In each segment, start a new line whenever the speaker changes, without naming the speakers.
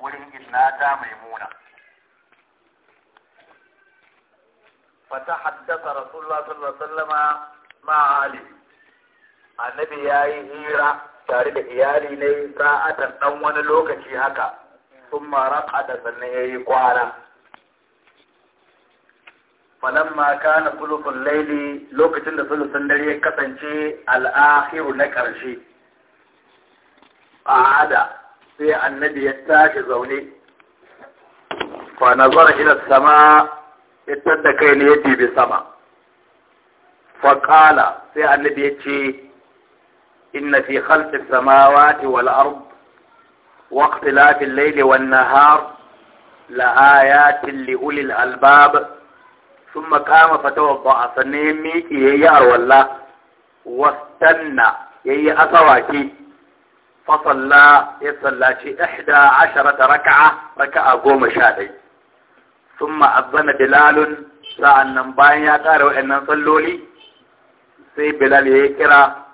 wurin inna ta maimuna ta haddasa rasulullah sallallahu alaihi wasallama ma ali annabi yayi hira tare da iyali ne sa'atan dan wani lokaci haka sun maraka da sannan yayi kwana falamma kana kulufin laili lokacin da sulusun dare ya kasance al'akhiru na karshe a سي النبي يستاش زوني فنظر إلى السماء اتدى كين بسماء فقال سي النبي يتشي إن في خلق السماوات والأرض واختلاف الليل والنهار لآيات لأولي الألباب ثم قام فتوضع فنمي يا ولا واستنى يا أصواتي Fasalla ya فصلى da إحدى عشرة ركعة goma قوم شادي ثم أذن بلال sa'an nan bayan ya ƙara wa'yannan salloli sai bilal ya yi kira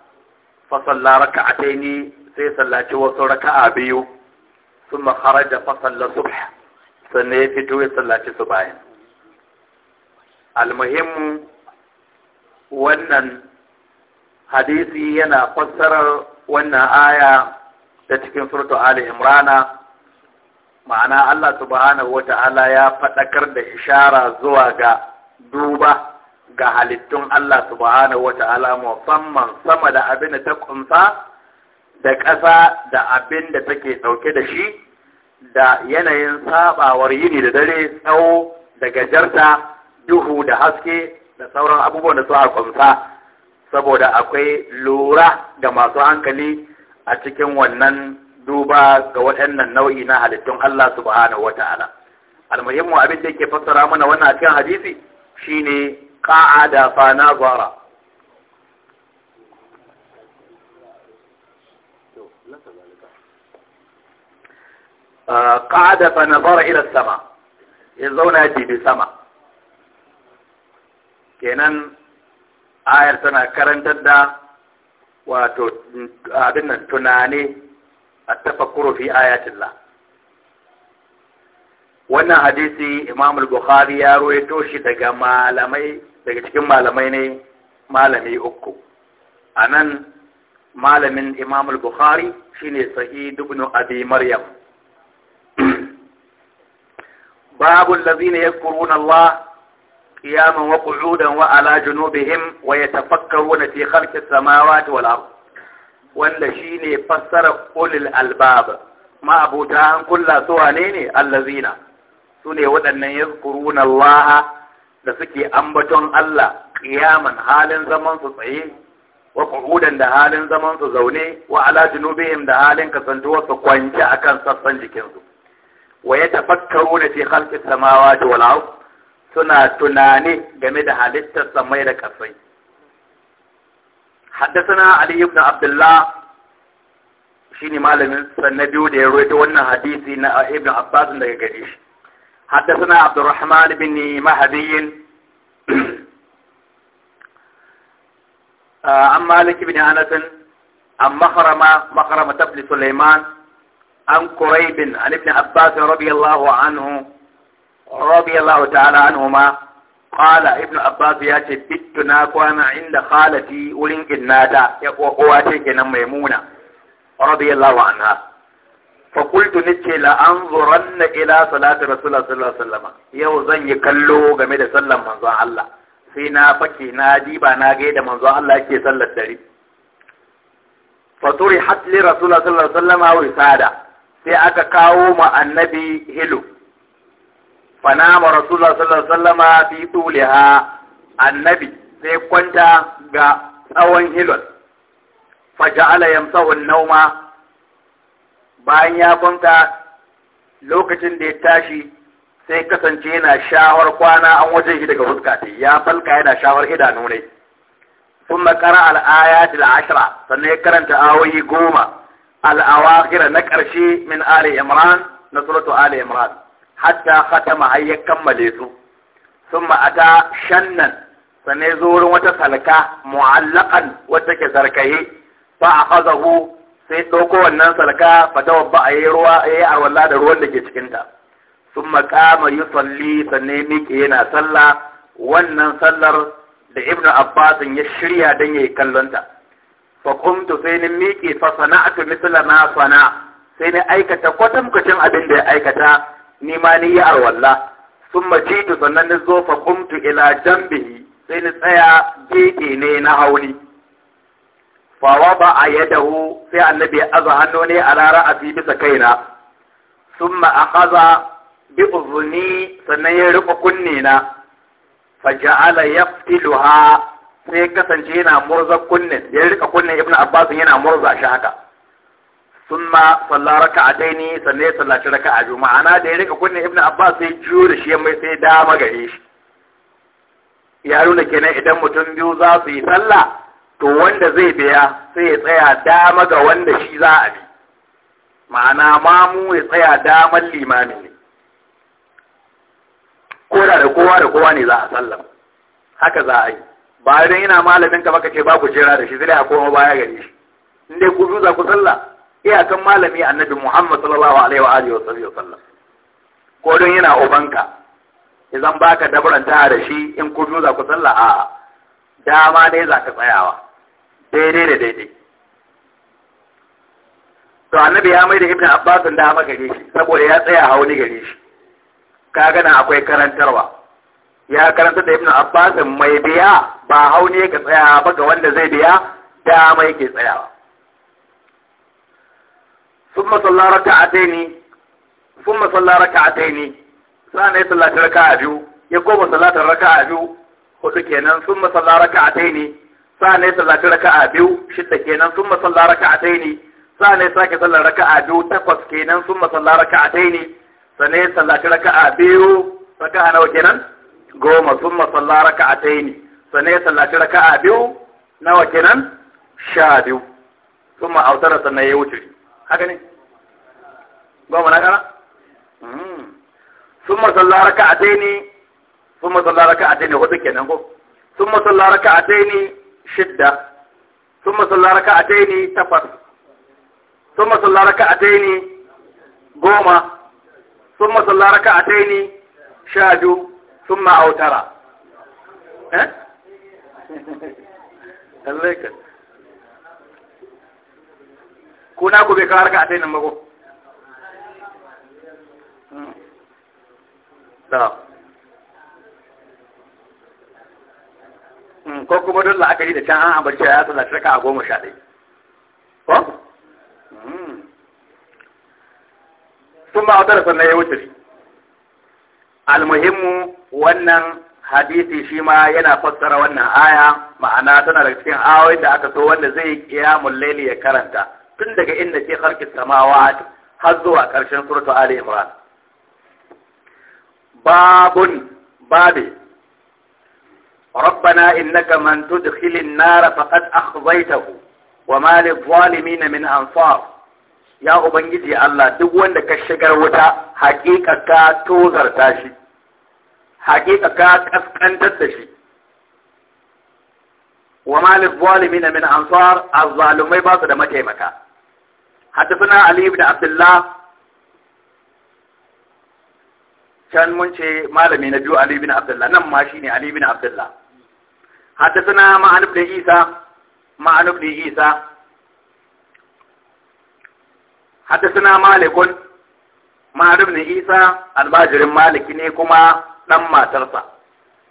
fasalla raka a taini sai sallaci wasu raka a biyu sun makarar da fasalla subh sannan ya fito ya sallaci su bayan almuhimmu wannan hadisi yana fassarar wannan aya ta cikin surtu Ali Imrana ma'ana Allah subhanahu ya faɗakar da ishara zuwa ga duba ga halittun Allah subhanahu musamman sama da abin da ta kunsa da ƙasa da abin da take ɗauke da shi da yanayin sabawar yini da dare tsawo da gajarta duhu da haske da sauran abubuwan da suka kunsa saboda akwai lura ga masu hankali a cikin wannan duba ga waɗannan nau'i na halittun Allah subhanahu ta'ala. almuhimmu abin da yake fassara mana wannan cikin hadisi shine qa'ada fa nazara ah, qa'ada fa nazara ila sama ya zauna ya sama kenan ayar tana karantar da wato abin nan tunani a tafakkuru fi ayatillah wannan hadisi imam al-bukhari ya ruwaito shi daga malamai daga cikin malamai ne malami uku anan malamin imam al-bukhari shine sa'id ibn abi maryam babu allazina yadhkuruna allah قياما وقعودا وعلى جنوبهم ويتفكرون في خلق السماوات والأرض wanda shine ne fassara ulil albab ma'abuta an su wane ne allazina su ne waɗannan yazkuruna Allah da suke ambaton Allah ƙiyaman halin zaman tsaye wa da halin zaman zaune wa ala junubihim da halin kasantuwar su kwance akan sassan jikinsu wa yatafakkaruna suna tunani game da halittar samai da kasai حدثنا علي بن عبد الله شيني مالم سنبيو دي رويت وانا حديثي نا ابن عباس لك قريش حدثنا عبد الرحمن بن مهدي عن مالك بن انس عن مخرمة مخرمة بن سليمان عن قريب عن ابن عباس رضي الله عنه radiyallahu ta'ala anhuma qala ibnu abbas ya ce bittu na kwana inda khalati wurin innata ya kokowa ce kenan maimuna radiyallahu anha fa qultu nace la anzuranna ila salati rasulullah sallallahu alaihi yau zan yi kallo game da sallan manzon Allah sai na fake na diba na ga manzon Allah yake sallar dare fa turihat li rasulullah sallallahu alaihi sai aka kawo ma annabi hilu fanama rasulullah sallallahu alaihi wasallama fi tuliha annabi sai kwanta ga tsawon hilal faja'ala yamsahu nauma bayan ya kwanta lokacin da ya tashi sai kasance yana shawar kwana an waje shi daga fuska ta ya falka yana shawar idanu ne sun makara al'ayatul ashra sannan ya karanta awoyi goma al'awakira na ƙarshe min ali imran na suratu ali imran hatta khatama har ya kammale su sun ma'ata shannan sannan zo wata salka mu'allakan wata ke sarkaye fa a kazahu sai ɗauko wannan salka fa ta wabba a yi ruwa a yi arwalla da ruwan da ke cikinta sun makama yi salli sanai miƙe yana sallah wannan sallar da ibnu abbas ya shirya don ya yi kallonta fa kuntu sai ni miƙe fa sana'atu mithla ma sana sai ni aikata kwatankwacin abin da ya aikata ni ma ni yi arwalla sun tu sannan ni zofa kumtu ila jambihi sai ni tsaya gefe ne na hauni fawa ba a yadahu sai annabi ya aza hannu ne a lara a bisa kaina sun ma a kaza bi uzuni sannan ya rufe kunne na faja'ala yaftiluha sai kasance yana murza kunnen ya rika kunne ibnu abbas yana murza shi haka summa salla raka'ataini sannan ya sallaci raka'a biyu ma'ana da ya rika kunne ibnu abbas sai juyo da shi mai sai dama gare shi ya nuna kenan idan mutum biyu za su yi sallah to wanda zai biya sai ya tsaya dama ga wanda shi za a bi ma'ana ma mu ya tsaya daman limami ne ko da da kowa da kowa ne za a sallam haka za a yi ba idan yana malamin ka baka ce ba ku jira da shi zai a koma baya gare shi in ku biyu za ku sallah kan malami annabi Muhammad sallallahu alaihi wa alihi wa sallam ko don yana ubanka idan baka ta da shi in ku biyu za ku salla, a dama dai za ka tsayawa daidai da daidai to annabi ya mai da ibnu abbas dama gare shi saboda ya tsaya hauli gare shi kaga nan akwai karantarwa ya karanta da ibnu abbas mai biya ba ne ka tsaya ba ga wanda zai biya dama yake tsayawa ثم صلى ركعتين ثم صلى ركعتين سنة صلاة ركعة بيو يقوم صلاة ركعة بيو hudu kenan sun masalla raka'atai ne sa'an ne sallaci raka'a biyu shidda kenan sun masalla raka'atai ne sa'an ne sake sallar raka'a biyu takwas kenan sun masalla raka'atai ne sannan ya sallaci raka'a biyu raka'a nawa kenan goma sun masalla raka'atai ne sannan ya sallaci raka'a biyu nawa kenan sha biyu ya wuce haka ne goma hmm. na kana sun masalla raka a ni sun masalla raka a ni hudu kenan ko sun masalla raka a ni shidda sun masalla raka a ni takwas sun masalla raka a ni goma sun masalla raka a ni sha biyu sun ma'autara eh? ko na gobe bai kawo harka a tsayin mako hmm. hmm, ko kuma don la'akari da can an abarci ya tsalla shirka a goma sha ɗaya ko? sun hmm. ba wata sannan ya wuce almuhimmu wannan hadisi shi ma yana fassara wannan aya ma'ana tana da cikin ayoyin da aka so wanda zai kiyamun laili ya karanta tun daga inda ke harkar samawati har zuwa ƙarshen suratu ali imran babun babi ربنا إنك من تدخل النار Wa أخضيته وما للظالمين min أنصار ya Ubangiji Allah duk wanda ka shigar wuta hakika ka tozarta shi, hakika ka kaskantar da shi. Wa malif zalimi na min ansar azzalumai ba su da mataimaka. حدثنا علي بن عبد الله كان منشي مالمي نبيو علي بن عبد الله نم ماشيني علي بن عبد الله حدثنا معن بن عيسى معن ابن عيسى حدثنا مالك معن بن عيسى الباجر مالك ne kuma ما matarsa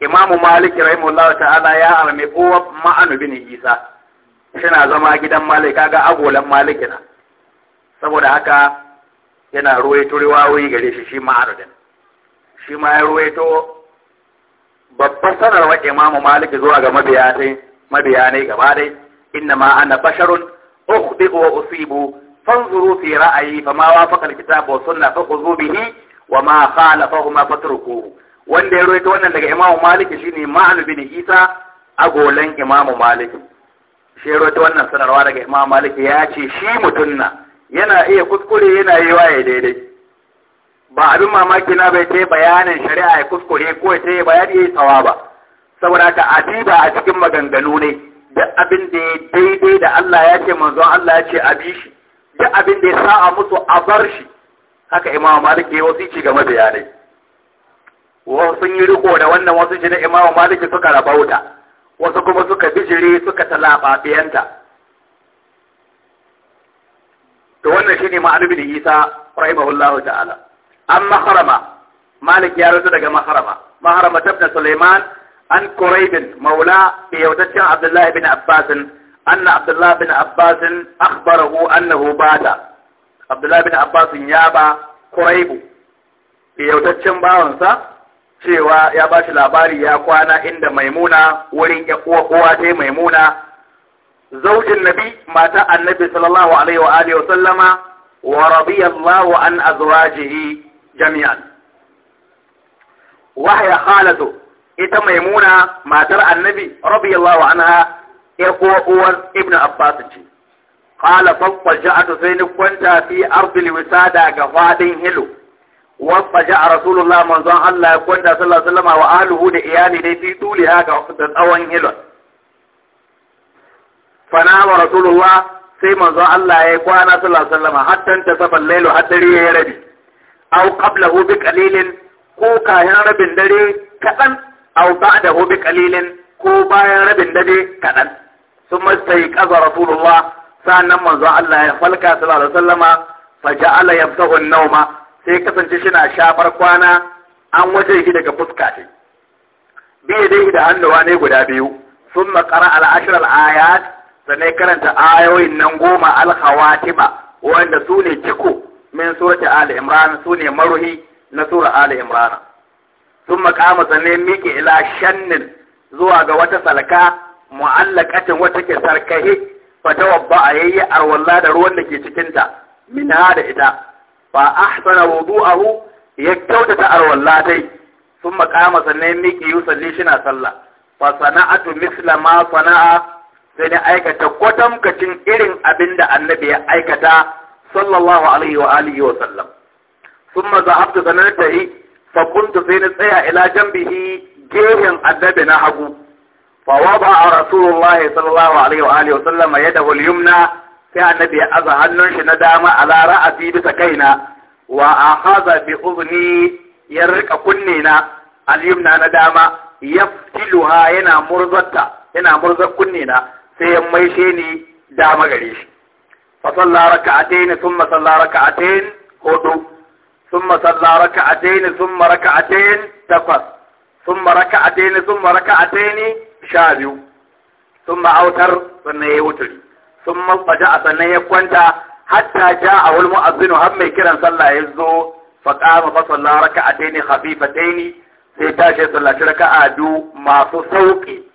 Imam Malik rahimahullahu ta'ala ya arme uwa ma'an bin Isa suna zama gidan Malik kaga agolan Malik na saboda haka yana ruwaito riwayoyi gare shi shi ma'arudin shi ma ya ruwaito babbar sanarwar imamu malik zuwa ga mabiyanai ne gaba dai inna ma ana basharun ukhdi wa usibu fanzuru fi ra'ayi fa ma wafaqa alkitab wa sunna fa khudhu bihi wa ma khalafahu huma fatruku wanda ya ruwaito wannan daga imamu malik shine ma'an bin isa agolan imamu malik shi ya ruwaito wannan sanarwa daga imamu malik ya ce shi mutunna yana iya kuskure yana yi waye daidai ba abin mamaki na bai ta bayanin shari'a ya kuskure ko ta yi bayani ya tsawa ba saboda ka adiba a cikin maganganu ne duk abin da ya daidai da Allah ya ce manzo Allah ya ce a bi shi duk abin da ya sa a musu a bar shi haka imamu malik ya wasu ci game da yare wasu sun yi riko da wannan wasu shi na imamu malik suka rabauta wasu kuma suka bijire suka biyanta. to wannan shine ma'anar bin Isa rahimahullahu ta'ala an maharama malik ya rasu daga maharama maharama tabna Sulaiman an Quraib maula bi yautaccen Abdullah ibn Abbas anna Abdullah ibn Abbas akhbarahu annahu bada Abdullah ibn Abbas ya ba Quraib bi yautaccen bawansa cewa ya ba shi labari ya kwana inda maimuna wurin ya uwa uwa maimuna zaujin nabi mata annabi sallallahu alaihi wa alihi wa sallama wa radiyallahu an azwajihi jami'an wa hiya khalatu ita maimuna matar annabi radiyallahu anha ya ko uwar ibnu abbas ce qala faqaja'atu sai ni kwanta fi ardil wisada ga fadin hilo wasa ja'a rasulullah manzon Allah ya kwanta sallallahu alaihi wa alihi wa ahlihi da iyali dai fi ga tsawon hilon fana wa rasulullah sai manzo Allah ya kwana sallallahu alaihi wasallam hatta ta lailu haddari ya rabi aw qablahu bi qalilin ko kayan rabin dare kadan aw ba'dahu bi qalilin ko bayan rabin dare kadan summa sai qaza rasulullah sannan manzo Allah ya falka sallallahu alaihi wasallam fa ja'ala yaftahu an-nawma sai kasance shi na shafar kwana an waje shi daga fuska ce bi da hannuwa ne guda biyu sun qara al-ashr ayat sannan karanta ayoyin nan goma al-khawatiba wanda su ne ciko min surati ali imran su ne maruhi na sura ali imran sun makama sannan miƙe ila shannin zuwa ga wata salka mu'allaqatin wata ke sarkahi fatawabba a yayi arwalla da ruwan da ke cikinta min da ita fa ahsana wudu'ahu ya kyautata arwalla dai sun makama sannan miƙe yusalli shi na sallah fa sana'atu misla ma sana'a sai aikata aikata kwatamkacin irin abin da annabi ya aikata sallallahu alaihi wa alihi wa sallam sun maza hafta sanar ta yi fakuntu sai na tsaya ila jambihi gehen annabi na hagu fawa ba a rasulullah sallallahu alaihi wa alihi wa sallam ya da yumna sai annabi ya aza hannun shi na dama a lara a bisa kaina wa a haza bi uzni ya rika kunne na al na dama yaftiluha yana yana murzar kunne na سيما يشيني داما قريش فصلى ركعتين ثم صلى ركعتين هدو ثم صلى ركعتين ثم ركعتين تفر ثم ركعتين ثم ركعتين شابيو ثم أوتر ثم وتر ثم فجاء ثم كونتا حتى جاءه المؤذن هم كرا صلى يزو فقام فصلى ركعتين خفيفتين سيتاشي صلى شركة أدو ما سوقي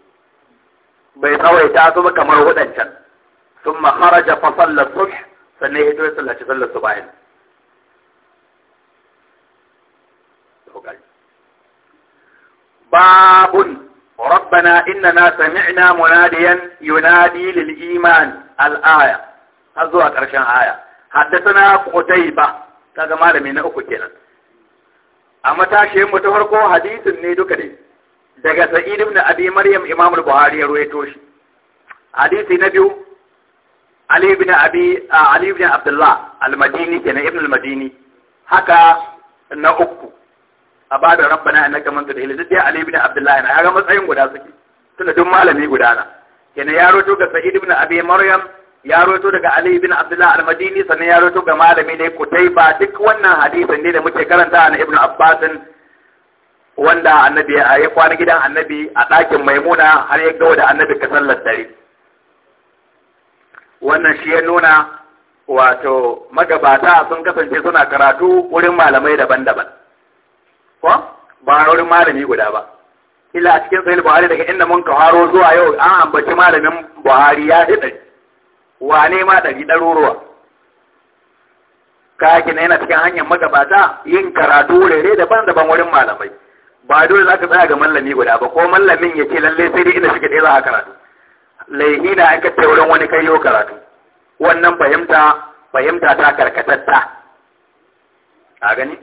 bai ta su ba kamar waɗancan sun maharaja fa sallar sannan ya ya sallaci sallar bayan babun ربنا إننا سمعنا مناديا ينادي للإيمان الآية هذا كرشان آية حدثنا قتيبة كما لم ينأكو كنا أما تاشي متفرقو حديث نيدو كريم daga sa'id ibn abi maryam imam al-buhari ya ruwaito shi hadisi na biyu ali ibn abi ali ibn abdullah al-madini kenan ibn al-madini haka na uku a ba da rabbana annaka man tudhil duk ya ali ibn abdullah na ga matsayin guda suke tunda duk malami guda na kenan ya roto ga sa'id ibn abi maryam ya daga Ali bin Abdullah al-Madini sannan ya ga malami ne Kutaiba duk wannan hadisin ne da muke karanta na Ibn Abbas wanda annabi ya kwana gidan annabi a ɗakin maimuna har ya gawo da annabi ka sallar dare wannan shi ya nuna wato magabata sun kasance suna karatu wurin malamai daban-daban ko ba wurin malami guda ba illa a cikin sahih buhari daga inda mun ka haro zuwa yau an ambaci malamin buhari ya fi ɗari wane ma ɗari ɗaruruwa kaki na yana cikin hanyar magabata yin karatu wurare daban-daban wurin malamai ba dole za ka tsaya ga mallami guda ba ko mallamin ya ce lalle sai dai inda suke ɗaya za a karatu laifi na aka ce wurin wani kai yau karatu wannan fahimta fahimta ta karkatatta a gani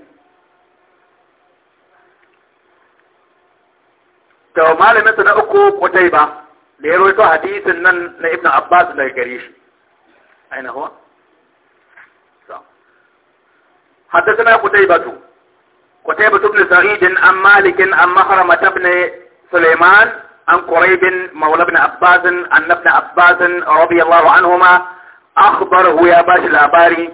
to malamin sa na uku kwatai ba da ya rawaito hadisin nan na ibnu abbas daga gare shi aina huwa حدثنا قتيبة قتيبة بن سعيد عن مالك عن مخرمة بن سليمان عن قريب مولى بن عباس أن ابن عباس رضي الله عنهما أخبره يا باش الأباري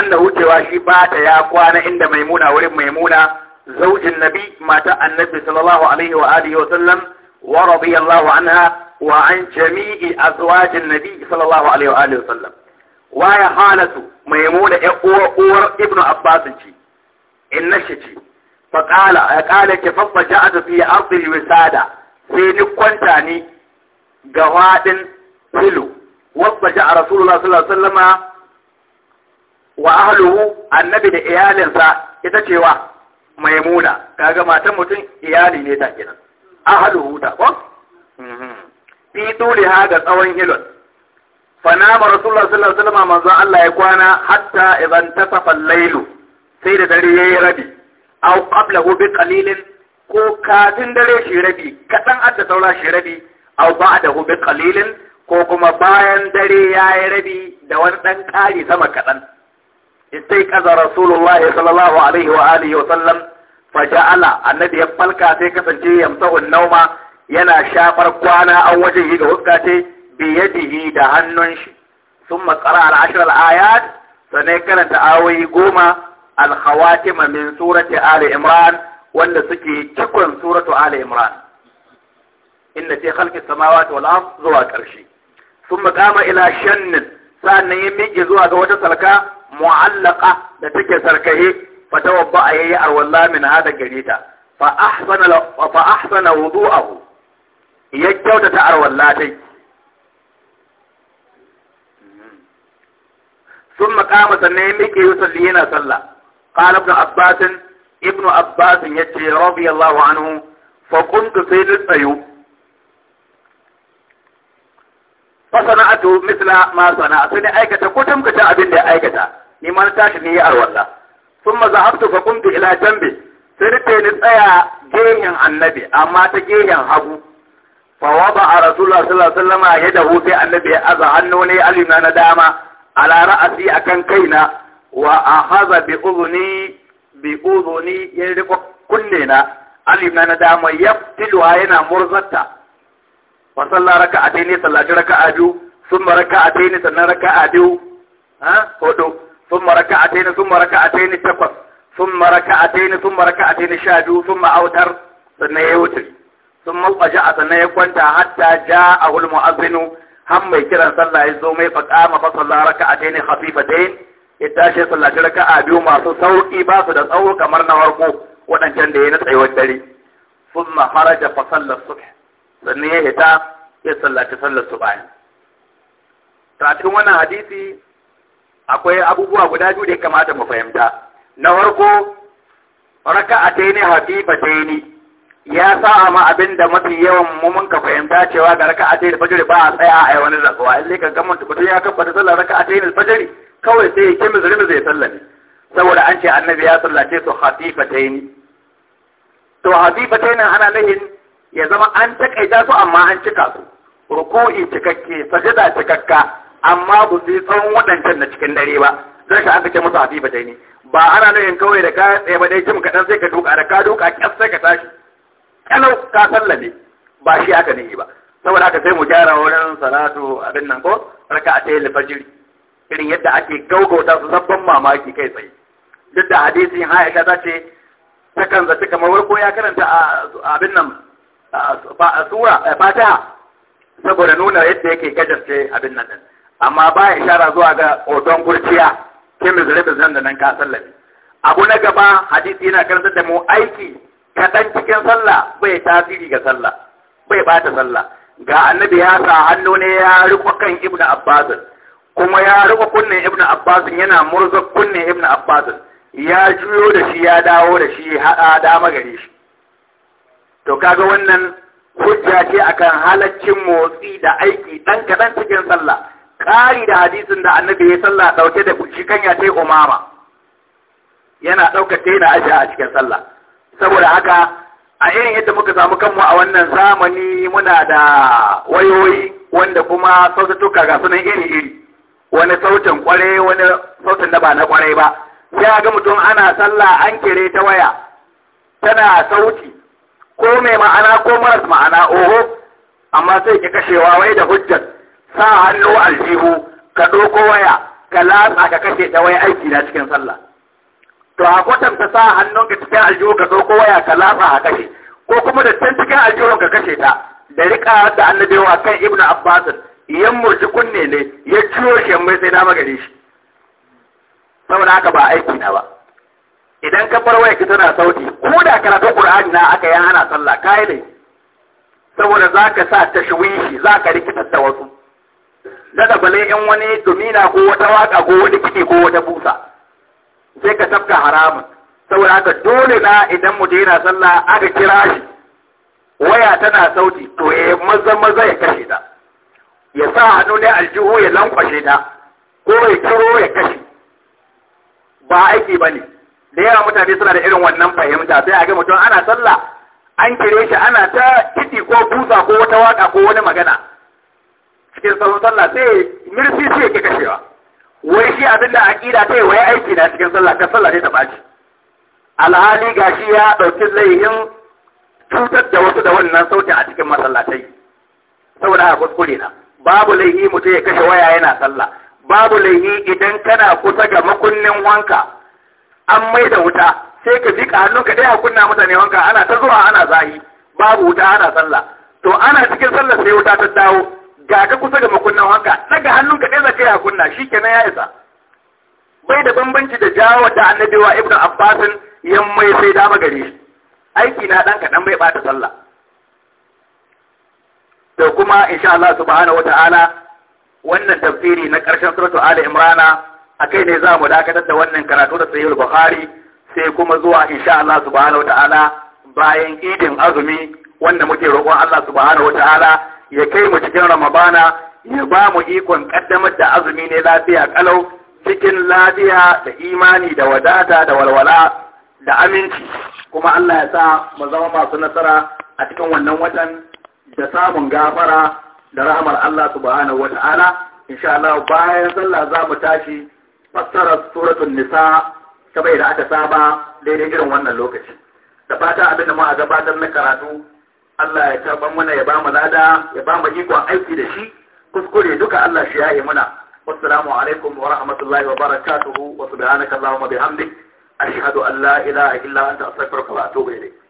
أنه تواشي بات يا أخوان عند ميمونة ورب ميمونة زوج النبي مات النبي صلى الله عليه وآله وسلم ورضي الله عنها وعن جميع أزواج النبي صلى الله عليه وآله وسلم ويا حالة ميمونة أور ابن عباس جي in nashi shi ce fa kala ya kala ke faffa ja'atu fi ardil wisada sai ni kwanta ni ga wadin filo wabba a rasulullah sallallahu alaihi wasallama wa ahluhu annabi da iyalinsa ita cewa maimuna kaga matan mutum iyali ne ta kenan ahluhu ta ko mhm. fi dole ha ga tsawon hilon fa nama rasulullah sallallahu alaihi wasallam manzo Allah ya kwana hatta idan tasafa al-lailu sai da dare yayi rabi au qabla bi qalilin ko kafin dare shi rabi kadan adda saura shi rabi aw da bi qalilin ko kuma bayan dare yayi rabi da wani dan kari sama kadan istaiqaza rasulullahi sallallahu alaihi wa alihi wa sallam faja'ala annabi ya falka sai kasance yamsahu nauma yana shafar kwana an wajen yi ga huska ce biyadihi da hannun shi sun makara al'ashar ayat sannan karanta awoyi goma al-khawatima min surati ali imran wanda suke cikon suratu ali imran inna fi khalqis samawati wal ard zuwa karshe thumma qama ila shannin sannan ya miƙe zuwa ga wata sarka mu'allaka da take sarkahe fa tawabba ayayi alwalla min hada gareta fa ahsana fa ahsana wudu'ahu ya kyautata sun sannan ya yana sallah قال ابن عباس ابن عباس يتي رضي الله عنه فقمت سيد الأيوب fasana'atu misla ma sana'a sai aikata kutum kata abin da aikata ni ma na tashi ni yar walla thumma zahabtu fa ila jambi sai da ni tsaya gehen annabi amma ta gehen hagu fa wada a sallallahu alaihi wasallam yadahu sai annabi ya aza hannu ne alina na dama ala ra'asi akan kaina وأخذ بأذني بأذني يلقى يعني كلنا علمنا دام يقتل وعينا مرزتا وصلى ركعتين صلى ركعة جو ثم ركعتين ثم ركعة جو ها هدو ثم ركعتين ثم ركعتين تقص ثم ركعتين ثم ركعتين شاجو ثم أوتر ثم يوتر ثم القجاء ثم يقوانتا حتى جاءه المؤذن هم يكرا صلى يزومي فقام فصلى ركعتين خفيفتين ya tashi sallaci raka'a biyu masu sauki ba su da tsawo kamar na farko waɗancan da ya na tsayuwar dare summa haraja fa sallar subh sannan ya hita ya sallaci sallar subh to a cikin wannan hadisi akwai abubuwa guda biyu da ya kamata mu fahimta na farko raka'a ta ne habiba ta ne ya sa ma abin da mafi yawan mu mun ka fahimta cewa ga raka'a ta da fajr ba a tsaya a yi wani rasuwa in ka gama mutum ya kabbata sallar raka'a ta ne fajr kawai sai ya mizuri mizuri ya sallame saboda an ce annabi ya sallace su hafifataini to hafifataini ana nahin ya zama an takaita su amma an cika su ruku'i cikakke sajada cikakka amma ba su yi tsawon waɗancan na cikin dare ba zai ka aka ce musu hafifataini ba ana nahin kawai da ka tsaye ba dai cim kaɗan sai ka duka da ka duka kyas sai ka tashi kalau ka sallame ba shi aka nahi ba saboda haka sai mu gyara wurin salatu abin nan ko raka a tsaye lifajiri irin yadda ake gaugauta su zabban mamaki kai tsaye duk da hadisin Aisha ta ce takan zaci kamar warko ya karanta abin nan sura fata saboda nuna yadda yake gajarce abin nan din amma ba ya ishara zuwa ga odon kurciya ke mizribis nan da nan ka sallabi abu na gaba hadisi yana karanta da mu aiki kaɗan cikin sallah bai tasiri ga sallah bai bata sallah ga annabi ya sa hannu ne ya riko kan ibnu abbasin kuma ya rufe kunnen ibnu abbas yana murza kunne ibnu abbas ya juyo da shi ya dawo da shi hada dama gare shi to kaga wannan hujja ce akan halaccin motsi da aiki dan kadan cikin sallah kari da hadisin da annabi ya sallah dauke da shi kanya sai umama yana ɗaukar ta yana ajiya a cikin sallah saboda haka a irin yadda muka samu kanmu a wannan zamani muna da wayoyi wanda kuma sautuka ga sunan iri-iri wani sautin kwarai wani sautin da ba na kwarai ba sai ga mutum ana sallah an kire ta waya tana sauti ko mai ma'ana ko maras ma'ana oho amma sai ki kashewa wai da hujjar sa hannu aljihu ka ɗoko waya ka latsa ka kashe ta waya aiki na cikin sallah to a kwatanta sa hannun ka cikin aljihu ka ɗoko waya ka latsa a kashe ko kuma da can cikin aljihun ka kashe ta da riƙa da annabewa kan ibnu abbasin yan murci kunne ne ya ciwo shi mai sai na magare shi saboda haka ba aiki na ba idan ka bar waya ki tana sauti ko da karatun qur'ani na aka yi hana sallah kai ne saboda zaka sa tashwishi zaka rikitar da wasu da bale in wani domina ko wata waka ko wani kike ko wata busa sai ka tafka haramun saboda haka dole na idan mu daina sallah aka kira shi waya tana sauti to eh maza maza ya kashe ta ya sa hannu ne aljihu ya lankwashe ta ko ya kiro ya kashe ba aiki ba ne da yawa mutane suna da irin wannan fahimta sai a ga mutum ana sallah an kire shi ana ta kiɗi ko busa ko wata waka ko wani magana cikin salon sallah sai mirsi sai yake kashewa wai shi abin da aƙida ta yi wai aiki na cikin sallah ta sallah ne ta ɓaci alhali ga shi ya ɗauki laihin cutar da wasu da wannan sautin a cikin masallatai saboda haka kuskure na babu laihi mutum ya kashe waya yana sallah babu laihi idan kana kusa ga makunnin wanka an mai da wuta sai ka jika hannunka ɗaya kunna mutane wanka ana ta zuwa ana zahi babu wuta ana sallah to ana cikin sallah sai wuta ta dawo ga ka kusa ga makunnin wanka daga hannunka ɗaya zaka yi kunna ke ya isa bai da bambanci da jawo da annabi ibnu abbasin yan mai sai dama gare shi aiki na ɗan kaɗan bai bata sallah da kuma insha Allah subhanahu wata'ala wannan tafsiri na ƙarshen suratu Ali Imrana akai ne za mu dakatar da wannan karatu da Sahih Bukhari sai kuma zuwa insha Allah subhanahu wata'ala bayan idin azumi wanda muke roƙon Allah subhanahu wata'ala ya kai mu cikin Ramadana ya ba mu ikon kaddamar da azumi ne lafiya kalau cikin lafiya da imani da wadata da walwala da aminci kuma Allah ya sa mu zama masu nasara a cikin wannan watan da samun gafara da rahmar Allah subhanahu wata'ala insha Allah bayan sallah za mu tashi fassara suratul nisa ta bai da aka saba daidai irin wannan lokaci da fata abin da mu a gabatar na karatu Allah ya karban mana ya bamu lada ya bamu ikon aiki da shi kuskure duka Allah shi yayi muna wassalamu alaikum wa rahmatullahi wa barakatuhu wa subhanaka allahumma bihamdik ashhadu an la ilaha illa anta astaghfiruka wa atubu ilayk